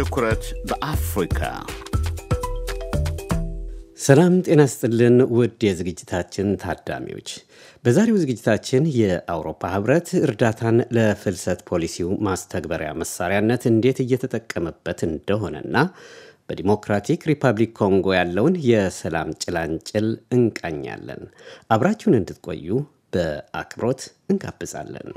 ትኩረት በአፍሪካ ሰላም ጤና ስጥልን ውድ የዝግጅታችን ታዳሚዎች፣ በዛሬው ዝግጅታችን የአውሮፓ ህብረት እርዳታን ለፍልሰት ፖሊሲው ማስተግበሪያ መሳሪያነት እንዴት እየተጠቀመበት እንደሆነና በዲሞክራቲክ ሪፐብሊክ ኮንጎ ያለውን የሰላም ጭላንጭል እንቃኛለን። አብራችሁን እንድትቆዩ በአክብሮት እንጋብዛለን።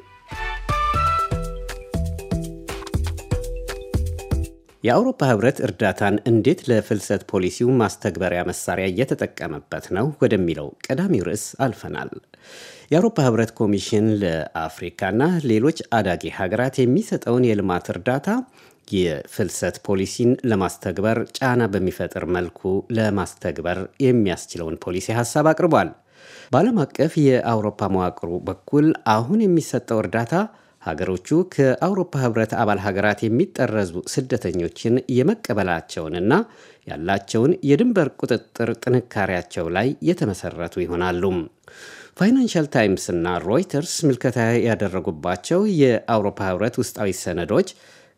የአውሮፓ ህብረት እርዳታን እንዴት ለፍልሰት ፖሊሲው ማስተግበሪያ መሳሪያ እየተጠቀመበት ነው ወደሚለው ቀዳሚው ርዕስ አልፈናል። የአውሮፓ ህብረት ኮሚሽን ለአፍሪካና ሌሎች አዳጊ ሀገራት የሚሰጠውን የልማት እርዳታ የፍልሰት ፖሊሲን ለማስተግበር ጫና በሚፈጥር መልኩ ለማስተግበር የሚያስችለውን ፖሊሲ ሀሳብ አቅርቧል። በዓለም አቀፍ የአውሮፓ መዋቅሩ በኩል አሁን የሚሰጠው እርዳታ ሀገሮቹ ከአውሮፓ ህብረት አባል ሀገራት የሚጠረዙ ስደተኞችን የመቀበላቸውንና ያላቸውን የድንበር ቁጥጥር ጥንካሬያቸው ላይ የተመሰረቱ ይሆናሉ። ፋይናንሻል ታይምስና ሮይተርስ ምልከታ ያደረጉባቸው የአውሮፓ ህብረት ውስጣዊ ሰነዶች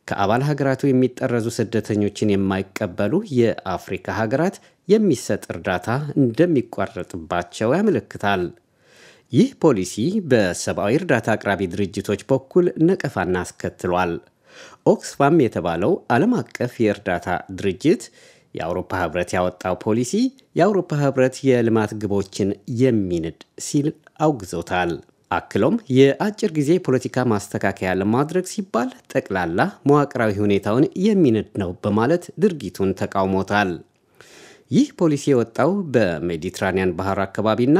ከአባል ሀገራቱ የሚጠረዙ ስደተኞችን የማይቀበሉ የአፍሪካ ሀገራት የሚሰጥ እርዳታ እንደሚቋረጥባቸው ያመለክታል። ይህ ፖሊሲ በሰብአዊ እርዳታ አቅራቢ ድርጅቶች በኩል ነቀፋና አስከትሏል። ኦክስፋም የተባለው ዓለም አቀፍ የእርዳታ ድርጅት የአውሮፓ ህብረት ያወጣው ፖሊሲ የአውሮፓ ህብረት የልማት ግቦችን የሚንድ ሲል አውግዞታል። አክሎም የአጭር ጊዜ ፖለቲካ ማስተካከያ ለማድረግ ሲባል ጠቅላላ መዋቅራዊ ሁኔታውን የሚንድ ነው በማለት ድርጊቱን ተቃውሞታል። ይህ ፖሊሲ የወጣው በሜዲትራኒያን ባህር አካባቢና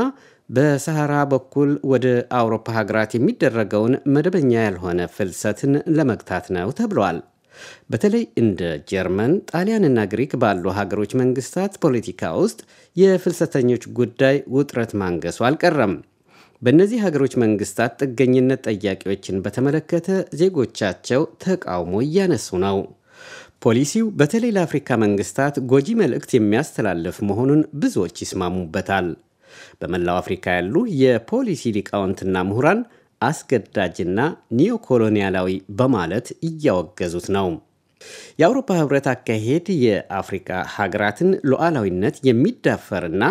በሰሐራ በኩል ወደ አውሮፓ ሀገራት የሚደረገውን መደበኛ ያልሆነ ፍልሰትን ለመግታት ነው ተብሏል። በተለይ እንደ ጀርመን፣ ጣሊያንና ግሪክ ባሉ ሀገሮች መንግስታት ፖለቲካ ውስጥ የፍልሰተኞች ጉዳይ ውጥረት ማንገሱ አልቀረም። በእነዚህ ሀገሮች መንግስታት ጥገኝነት ጠያቂዎችን በተመለከተ ዜጎቻቸው ተቃውሞ እያነሱ ነው። ፖሊሲው በተለይ ለአፍሪካ መንግስታት ጎጂ መልእክት የሚያስተላልፍ መሆኑን ብዙዎች ይስማሙበታል። በመላው አፍሪካ ያሉ የፖሊሲ ሊቃውንትና ምሁራን አስገዳጅና ኒዮኮሎኒያላዊ በማለት እያወገዙት ነው። የአውሮፓ ህብረት አካሄድ የአፍሪካ ሀገራትን ሉዓላዊነት የሚዳፈርና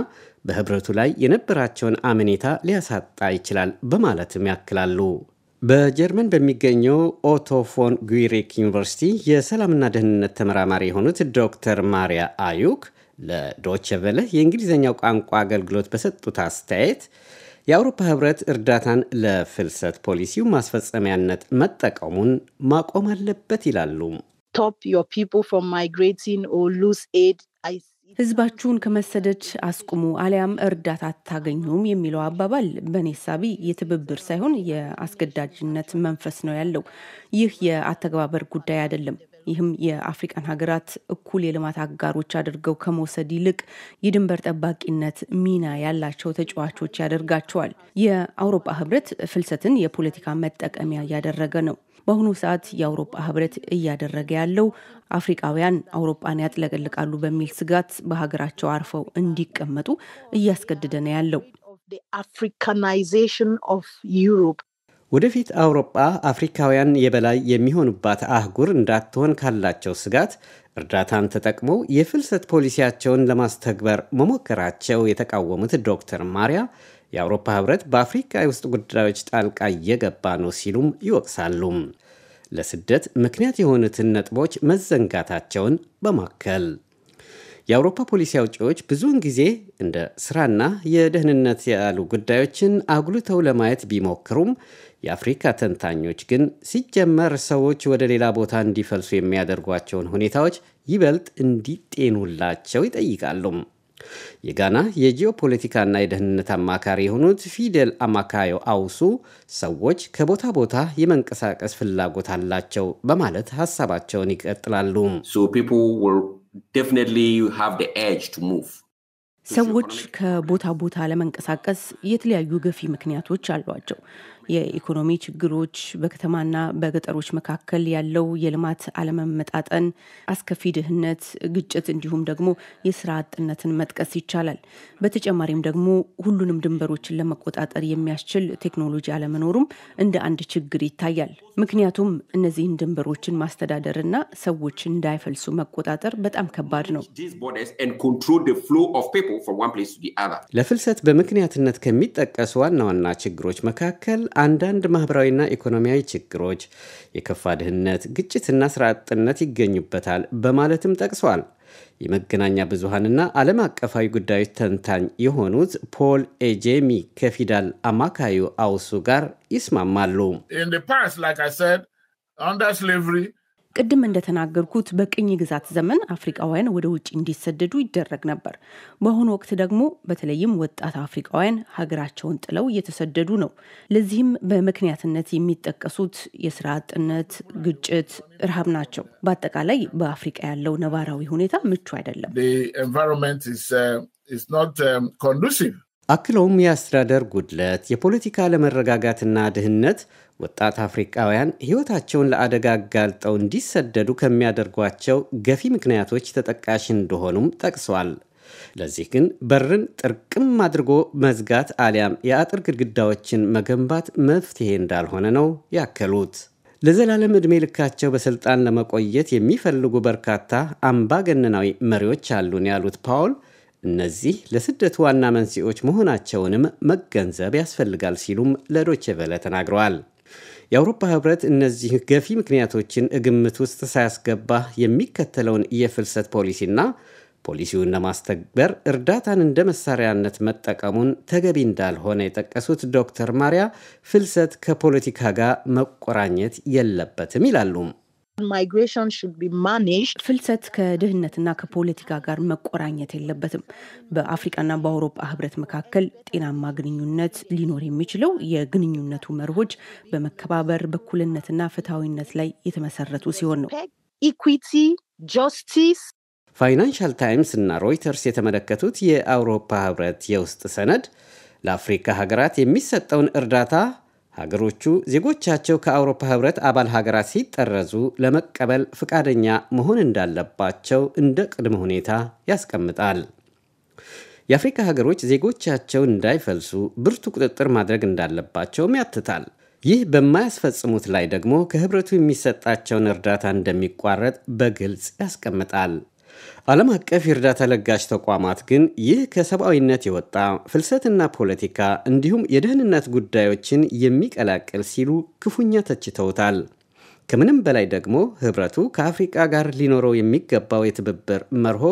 በህብረቱ ላይ የነበራቸውን አመኔታ ሊያሳጣ ይችላል በማለትም ያክላሉ። በጀርመን በሚገኘው ኦቶ ፎን ጉሪክ ዩኒቨርሲቲ የሰላምና ደህንነት ተመራማሪ የሆኑት ዶክተር ማሪያ አዩክ ለዶቸ በለ የእንግሊዝኛው ቋንቋ አገልግሎት በሰጡት አስተያየት የአውሮፓ ህብረት እርዳታን ለፍልሰት ፖሊሲው ማስፈጸሚያነት መጠቀሙን ማቆም አለበት ይላሉ። ህዝባችሁን ከመሰደድ አስቁሙ አሊያም እርዳታ አታገኙም የሚለው አባባል በእኔ ሳቢ የትብብር ሳይሆን የአስገዳጅነት መንፈስ ነው ያለው። ይህ የአተገባበር ጉዳይ አይደለም። ይህም የአፍሪቃን ሀገራት እኩል የልማት አጋሮች አድርገው ከመውሰድ ይልቅ የድንበር ጠባቂነት ሚና ያላቸው ተጫዋቾች ያደርጋቸዋል። የአውሮፓ ህብረት ፍልሰትን የፖለቲካ መጠቀሚያ እያደረገ ነው። በአሁኑ ሰዓት የአውሮፓ ህብረት እያደረገ ያለው አፍሪቃውያን አውሮፓን ያጥለቀልቃሉ በሚል ስጋት በሀገራቸው አርፈው እንዲቀመጡ እያስገደደ ነው ያለው። ወደፊት አውሮጳ አፍሪካውያን የበላይ የሚሆኑባት አህጉር እንዳትሆን ካላቸው ስጋት እርዳታን ተጠቅመው የፍልሰት ፖሊሲያቸውን ለማስተግበር መሞከራቸው የተቃወሙት ዶክተር ማሪያ የአውሮፓ ህብረት በአፍሪካ የውስጥ ጉዳዮች ጣልቃ እየገባ ነው ሲሉም ይወቅሳሉ። ለስደት ምክንያት የሆኑትን ነጥቦች መዘንጋታቸውን በማከል የአውሮፓ ፖሊሲ አውጪዎች ብዙውን ጊዜ እንደ ስራና የደህንነት ያሉ ጉዳዮችን አጉልተው ለማየት ቢሞክሩም የአፍሪካ ተንታኞች ግን ሲጀመር ሰዎች ወደ ሌላ ቦታ እንዲፈልሱ የሚያደርጓቸውን ሁኔታዎች ይበልጥ እንዲጤኑላቸው ይጠይቃሉ። የጋና የጂኦፖለቲካና የደህንነት አማካሪ የሆኑት ፊደል አማካዮ አውሱ ሰዎች ከቦታ ቦታ የመንቀሳቀስ ፍላጎት አላቸው በማለት ሀሳባቸውን ይቀጥላሉ። ሰዎች ከቦታ ቦታ ለመንቀሳቀስ የተለያዩ ገፊ ምክንያቶች አሏቸው። የኢኮኖሚ ችግሮች፣ በከተማና በገጠሮች መካከል ያለው የልማት አለመመጣጠን፣ አስከፊ ድህነት፣ ግጭት እንዲሁም ደግሞ የስራ አጥነትን መጥቀስ ይቻላል። በተጨማሪም ደግሞ ሁሉንም ድንበሮችን ለመቆጣጠር የሚያስችል ቴክኖሎጂ አለመኖሩም እንደ አንድ ችግር ይታያል። ምክንያቱም እነዚህን ድንበሮችን ማስተዳደርና ሰዎች እንዳይፈልሱ መቆጣጠር በጣም ከባድ ነው። ለፍልሰት በምክንያትነት ከሚጠቀሱ ዋና ዋና ችግሮች መካከል አንዳንድ ማኅበራዊና ኢኮኖሚያዊ ችግሮች፣ የከፋ ድህነት፣ ግጭትና ሥራ አጥነት ይገኙበታል በማለትም ጠቅሰዋል። የመገናኛ ብዙሃንና ዓለም አቀፋዊ ጉዳዮች ተንታኝ የሆኑት ፖል ኤጄሚ ከፊዳል አማካዩ አውሱ ጋር ይስማማሉ። ቅድም እንደተናገርኩት በቅኝ ግዛት ዘመን አፍሪቃውያን ወደ ውጭ እንዲሰደዱ ይደረግ ነበር። በአሁኑ ወቅት ደግሞ በተለይም ወጣት አፍሪቃውያን ሀገራቸውን ጥለው እየተሰደዱ ነው። ለዚህም በምክንያትነት የሚጠቀሱት የስራ አጥነት፣ ግጭት፣ ረሃብ ናቸው። በአጠቃላይ በአፍሪቃ ያለው ነባራዊ ሁኔታ ምቹ አይደለም። አክለውም የአስተዳደር ጉድለት፣ የፖለቲካ አለመረጋጋትና ድህነት ወጣት አፍሪቃውያን ሕይወታቸውን ለአደጋ አጋልጠው እንዲሰደዱ ከሚያደርጓቸው ገፊ ምክንያቶች ተጠቃሽ እንደሆኑም ጠቅሷል። ለዚህ ግን በርን ጥርቅም አድርጎ መዝጋት አሊያም የአጥር ግድግዳዎችን መገንባት መፍትሄ እንዳልሆነ ነው ያከሉት። ለዘላለም ዕድሜ ልካቸው በሥልጣን ለመቆየት የሚፈልጉ በርካታ አምባገነናዊ መሪዎች አሉን ያሉት ፓውል እነዚህ ለስደቱ ዋና መንስኤዎች መሆናቸውንም መገንዘብ ያስፈልጋል ሲሉም ለዶቼ ተናግረዋል። የአውሮፓ ህብረት እነዚህ ገፊ ምክንያቶችን ግምት ውስጥ ሳያስገባ የሚከተለውን የፍልሰት ፖሊሲና ፖሊሲውን ለማስተግበር እርዳታን እንደ መሳሪያነት መጠቀሙን ተገቢ እንዳልሆነ የጠቀሱት ዶክተር ማሪያ ፍልሰት ከፖለቲካ ጋር መቆራኘት የለበትም ይላሉ። ፍልሰት ከድህነትና ከፖለቲካ ጋር መቆራኘት የለበትም። በአፍሪካና በአውሮፓ ህብረት መካከል ጤናማ ግንኙነት ሊኖር የሚችለው የግንኙነቱ መርሆች በመከባበር በኩልነትና ፍትሐዊነት ላይ የተመሰረቱ ሲሆን ነው። ኢኩዊቲ ፋይናንሻል ታይምስ እና ሮይተርስ የተመለከቱት የአውሮፓ ህብረት የውስጥ ሰነድ ለአፍሪካ ሀገራት የሚሰጠውን እርዳታ ሀገሮቹ ዜጎቻቸው ከአውሮፓ ህብረት አባል ሀገራት ሲጠረዙ ለመቀበል ፈቃደኛ መሆን እንዳለባቸው እንደ ቅድመ ሁኔታ ያስቀምጣል። የአፍሪካ ሀገሮች ዜጎቻቸው እንዳይፈልሱ ብርቱ ቁጥጥር ማድረግ እንዳለባቸውም ያትታል። ይህ በማያስፈጽሙት ላይ ደግሞ ከህብረቱ የሚሰጣቸውን እርዳታ እንደሚቋረጥ በግልጽ ያስቀምጣል። ዓለም አቀፍ የእርዳታ ለጋሽ ተቋማት ግን ይህ ከሰብአዊነት የወጣ ፍልሰትና ፖለቲካ እንዲሁም የደህንነት ጉዳዮችን የሚቀላቅል ሲሉ ክፉኛ ተችተውታል። ከምንም በላይ ደግሞ ህብረቱ ከአፍሪቃ ጋር ሊኖረው የሚገባው የትብብር መርሆ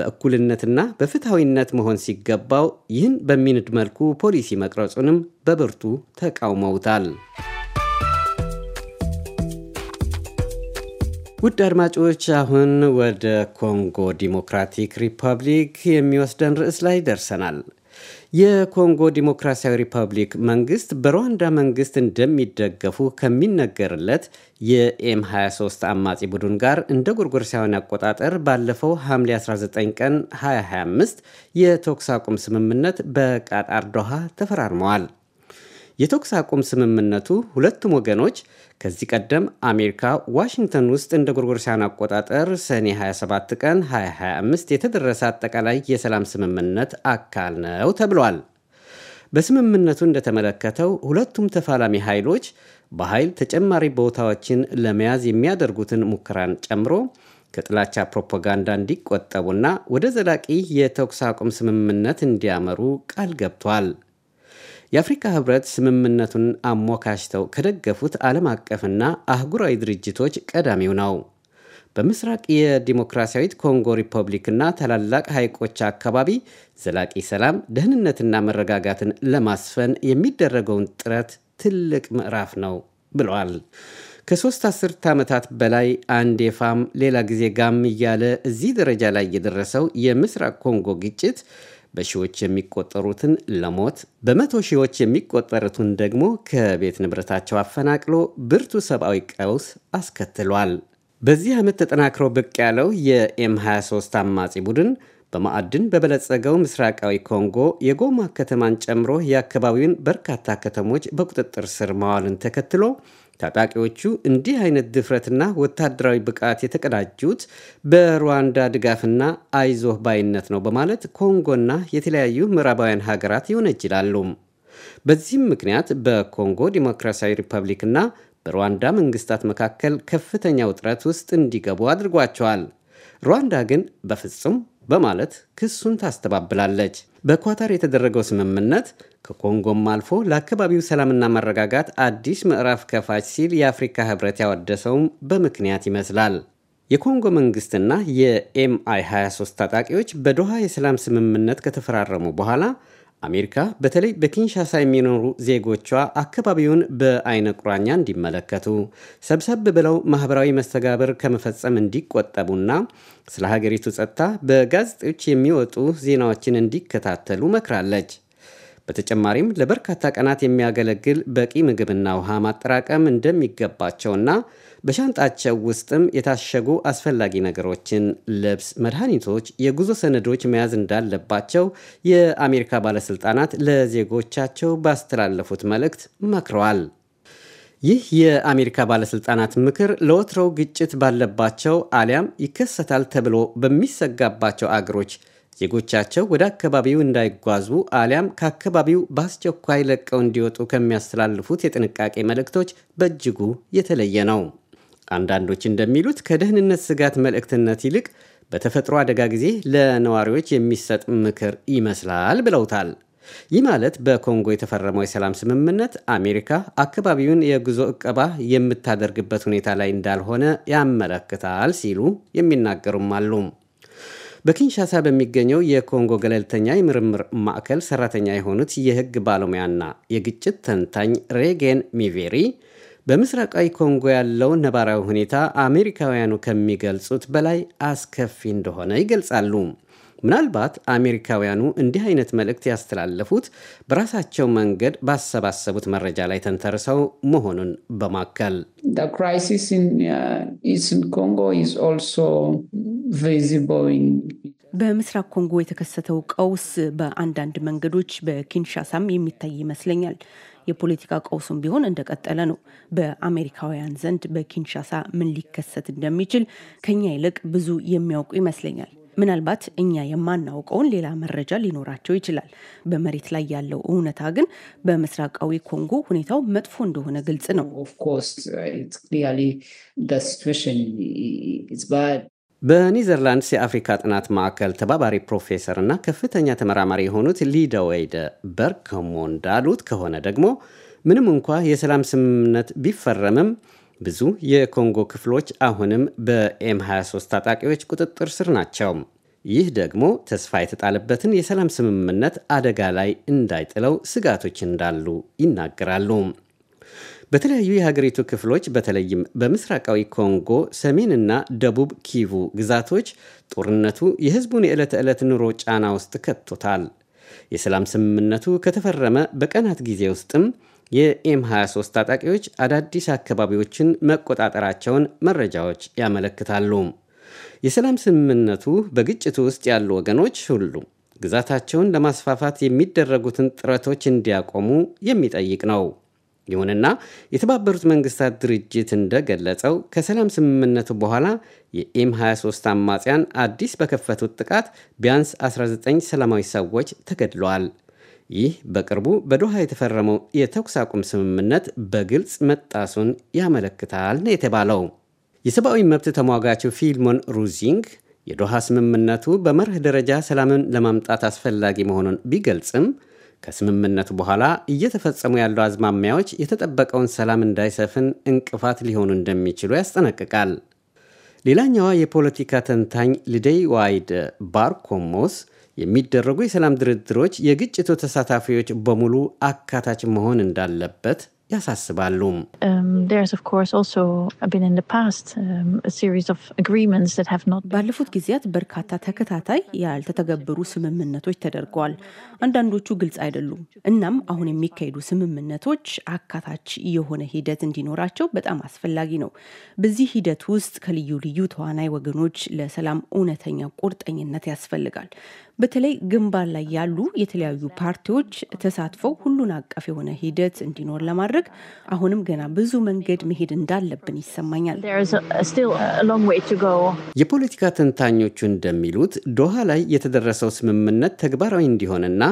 በእኩልነትና በፍትሐዊነት መሆን ሲገባው ይህን በሚንድ መልኩ ፖሊሲ መቅረጹንም በብርቱ ተቃውመውታል። ውድ አድማጮች አሁን ወደ ኮንጎ ዲሞክራቲክ ሪፐብሊክ የሚወስደን ርዕስ ላይ ደርሰናል። የኮንጎ ዲሞክራሲያዊ ሪፐብሊክ መንግስት በሩዋንዳ መንግስት እንደሚደገፉ ከሚነገርለት የኤም 23 አማጺ ቡድን ጋር እንደ ጎርጎሮሳውያን አቆጣጠር ባለፈው ሐምሌ 19 ቀን 2025 የተኩስ አቁም ስምምነት በቃጣር ዶሃ ተፈራርመዋል። የተኩስ አቁም ስምምነቱ ሁለቱም ወገኖች ከዚህ ቀደም አሜሪካ ዋሽንግተን ውስጥ እንደ ጎርጎርሲያን አቆጣጠር ሰኔ 27 ቀን 2025 የተደረሰ አጠቃላይ የሰላም ስምምነት አካል ነው ተብሏል። በስምምነቱ እንደተመለከተው ሁለቱም ተፋላሚ ኃይሎች በኃይል ተጨማሪ ቦታዎችን ለመያዝ የሚያደርጉትን ሙከራን ጨምሮ ከጥላቻ ፕሮፓጋንዳ እንዲቆጠቡና ወደ ዘላቂ የተኩስ አቁም ስምምነት እንዲያመሩ ቃል ገብቷል። የአፍሪካ ህብረት ስምምነቱን አሞካሽተው ከደገፉት ዓለም አቀፍና አህጉራዊ ድርጅቶች ቀዳሚው ነው። በምስራቅ የዲሞክራሲያዊት ኮንጎ ሪፐብሊክና ታላላቅ ሐይቆች አካባቢ ዘላቂ ሰላም፣ ደህንነትና መረጋጋትን ለማስፈን የሚደረገውን ጥረት ትልቅ ምዕራፍ ነው ብለዋል። ከሶስት አስርት ዓመታት በላይ አንዴ ፋም ሌላ ጊዜ ጋም እያለ እዚህ ደረጃ ላይ የደረሰው የምስራቅ ኮንጎ ግጭት በሺዎች የሚቆጠሩትን ለሞት በመቶ ሺዎች የሚቆጠሩትን ደግሞ ከቤት ንብረታቸው አፈናቅሎ ብርቱ ሰብአዊ ቀውስ አስከትሏል። በዚህ ዓመት ተጠናክሮ ብቅ ያለው የኤም 23 አማጺ ቡድን በማዕድን በበለጸገው ምስራቃዊ ኮንጎ የጎማ ከተማን ጨምሮ የአካባቢውን በርካታ ከተሞች በቁጥጥር ስር መዋልን ተከትሎ ታጣቂዎቹ እንዲህ አይነት ድፍረትና ወታደራዊ ብቃት የተቀዳጁት በሩዋንዳ ድጋፍና አይዞህ ባይነት ነው በማለት ኮንጎና የተለያዩ ምዕራባውያን ሀገራት ይችላሉ። በዚህም ምክንያት በኮንጎ ዲሞክራሲያዊ ሪፐብሊክና በሩዋንዳ መንግስታት መካከል ከፍተኛ ውጥረት ውስጥ እንዲገቡ አድርጓቸዋል። ሩዋንዳ ግን በፍጹም በማለት ክሱን ታስተባብላለች። በኳታር የተደረገው ስምምነት ከኮንጎም አልፎ ለአካባቢው ሰላምና መረጋጋት አዲስ ምዕራፍ ከፋች ሲል የአፍሪካ ህብረት ያወደሰውም በምክንያት ይመስላል። የኮንጎ መንግስትና የኤምአይ 23 ታጣቂዎች በዶሃ የሰላም ስምምነት ከተፈራረሙ በኋላ አሜሪካ በተለይ በኪንሻሳ የሚኖሩ ዜጎቿ አካባቢውን በአይነ ቁራኛ እንዲመለከቱ ሰብሰብ ብለው ማህበራዊ መስተጋብር ከመፈጸም እንዲቆጠቡና ስለ ሀገሪቱ ጸጥታ በጋዜጦች የሚወጡ ዜናዎችን እንዲከታተሉ መክራለች። በተጨማሪም ለበርካታ ቀናት የሚያገለግል በቂ ምግብና ውሃ ማጠራቀም እንደሚገባቸውና በሻንጣቸው ውስጥም የታሸጉ አስፈላጊ ነገሮችን፣ ልብስ፣ መድኃኒቶች፣ የጉዞ ሰነዶች መያዝ እንዳለባቸው የአሜሪካ ባለሥልጣናት ለዜጎቻቸው ባስተላለፉት መልእክት መክረዋል። ይህ የአሜሪካ ባለሥልጣናት ምክር ለወትሮው ግጭት ባለባቸው አሊያም ይከሰታል ተብሎ በሚሰጋባቸው አገሮች ዜጎቻቸው ወደ አካባቢው እንዳይጓዙ አሊያም ከአካባቢው በአስቸኳይ ለቀው እንዲወጡ ከሚያስተላልፉት የጥንቃቄ መልእክቶች በእጅጉ የተለየ ነው። አንዳንዶች እንደሚሉት ከደህንነት ስጋት መልእክትነት ይልቅ በተፈጥሮ አደጋ ጊዜ ለነዋሪዎች የሚሰጥ ምክር ይመስላል ብለውታል። ይህ ማለት በኮንጎ የተፈረመው የሰላም ስምምነት አሜሪካ አካባቢውን የጉዞ እቀባ የምታደርግበት ሁኔታ ላይ እንዳልሆነ ያመለክታል ሲሉ የሚናገሩም አሉ። በኪንሻሳ በሚገኘው የኮንጎ ገለልተኛ የምርምር ማዕከል ሰራተኛ የሆኑት የሕግ ባለሙያና የግጭት ተንታኝ ሬጌን ሚቬሪ በምስራቃዊ ኮንጎ ያለው ነባራዊ ሁኔታ አሜሪካውያኑ ከሚገልጹት በላይ አስከፊ እንደሆነ ይገልጻሉ። ምናልባት አሜሪካውያኑ እንዲህ አይነት መልእክት ያስተላለፉት በራሳቸው መንገድ ባሰባሰቡት መረጃ ላይ ተንተርሰው መሆኑን በማከል uh, በምስራቅ ኮንጎ የተከሰተው ቀውስ በአንዳንድ መንገዶች በኪንሻሳም የሚታይ ይመስለኛል። የፖለቲካ ቀውሱም ቢሆን እንደቀጠለ ነው። በአሜሪካውያን ዘንድ በኪንሻሳ ምን ሊከሰት እንደሚችል ከኛ ይልቅ ብዙ የሚያውቁ ይመስለኛል። ምናልባት እኛ የማናውቀውን ሌላ መረጃ ሊኖራቸው ይችላል። በመሬት ላይ ያለው እውነታ ግን በምስራቃዊ ኮንጎ ሁኔታው መጥፎ እንደሆነ ግልጽ ነው። በኒዘርላንድስ የአፍሪካ ጥናት ማዕከል ተባባሪ ፕሮፌሰር እና ከፍተኛ ተመራማሪ የሆኑት ሊደወይደ በርከሞ እንዳሉት ከሆነ ደግሞ ምንም እንኳ የሰላም ስምምነት ቢፈረምም ብዙ የኮንጎ ክፍሎች አሁንም በኤም 23 ታጣቂዎች ቁጥጥር ስር ናቸው። ይህ ደግሞ ተስፋ የተጣለበትን የሰላም ስምምነት አደጋ ላይ እንዳይጥለው ስጋቶች እንዳሉ ይናገራሉ። በተለያዩ የሀገሪቱ ክፍሎች በተለይም በምስራቃዊ ኮንጎ ሰሜንና ደቡብ ኪቩ ግዛቶች ጦርነቱ የህዝቡን የዕለት ዕለት ኑሮ ጫና ውስጥ ከቶታል። የሰላም ስምምነቱ ከተፈረመ በቀናት ጊዜ ውስጥም የኤም 23 ታጣቂዎች አዳዲስ አካባቢዎችን መቆጣጠራቸውን መረጃዎች ያመለክታሉ። የሰላም ስምምነቱ በግጭቱ ውስጥ ያሉ ወገኖች ሁሉ ግዛታቸውን ለማስፋፋት የሚደረጉትን ጥረቶች እንዲያቆሙ የሚጠይቅ ነው። ይሁንና የተባበሩት መንግስታት ድርጅት እንደገለጸው ከሰላም ስምምነቱ በኋላ የኤም 23 አማጽያን አዲስ በከፈቱት ጥቃት ቢያንስ 19 ሰላማዊ ሰዎች ተገድለዋል። ይህ በቅርቡ በዶሃ የተፈረመው የተኩስ አቁም ስምምነት በግልጽ መጣሱን ያመለክታል ነው የተባለው። የሰብአዊ መብት ተሟጋቹ ፊልሞን ሩዚንግ የዶሃ ስምምነቱ በመርህ ደረጃ ሰላምን ለማምጣት አስፈላጊ መሆኑን ቢገልጽም ከስምምነት በኋላ እየተፈጸሙ ያሉ አዝማሚያዎች የተጠበቀውን ሰላም እንዳይሰፍን እንቅፋት ሊሆኑ እንደሚችሉ ያስጠነቅቃል። ሌላኛዋ የፖለቲካ ተንታኝ ልደይ ዋይድ ባርኮሞስ የሚደረጉ የሰላም ድርድሮች የግጭቱ ተሳታፊዎች በሙሉ አካታች መሆን እንዳለበት ያሳስባሉ። um, um, ባለፉት ጊዜያት በርካታ ተከታታይ ያልተተገበሩ ስምምነቶች ተደርገዋል። አንዳንዶቹ ግልጽ አይደሉም። እናም አሁን የሚካሄዱ ስምምነቶች አካታች የሆነ ሂደት እንዲኖራቸው በጣም አስፈላጊ ነው። በዚህ ሂደት ውስጥ ከልዩ ልዩ ተዋናይ ወገኖች ለሰላም እውነተኛ ቁርጠኝነት ያስፈልጋል። በተለይ ግንባር ላይ ያሉ የተለያዩ ፓርቲዎች ተሳትፈው ሁሉን አቀፍ የሆነ ሂደት እንዲኖር ለማድረግ ለማድረግ አሁንም ገና ብዙ መንገድ መሄድ እንዳለብን ይሰማኛል። የፖለቲካ ተንታኞቹ እንደሚሉት ዶሃ ላይ የተደረሰው ስምምነት ተግባራዊ እንዲሆንና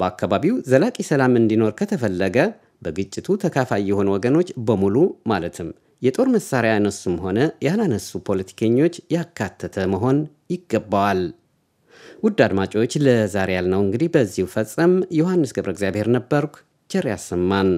በአካባቢው ዘላቂ ሰላም እንዲኖር ከተፈለገ በግጭቱ ተካፋይ የሆኑ ወገኖች በሙሉ ማለትም የጦር መሳሪያ ያነሱም ሆነ ያላነሱ ፖለቲከኞች ያካተተ መሆን ይገባዋል። ውድ አድማጮች ለዛሬ ያልነው እንግዲህ በዚሁ ፈጸም። ዮሐንስ ገብረ እግዚአብሔር ነበርኩ። ቸር ያሰማን።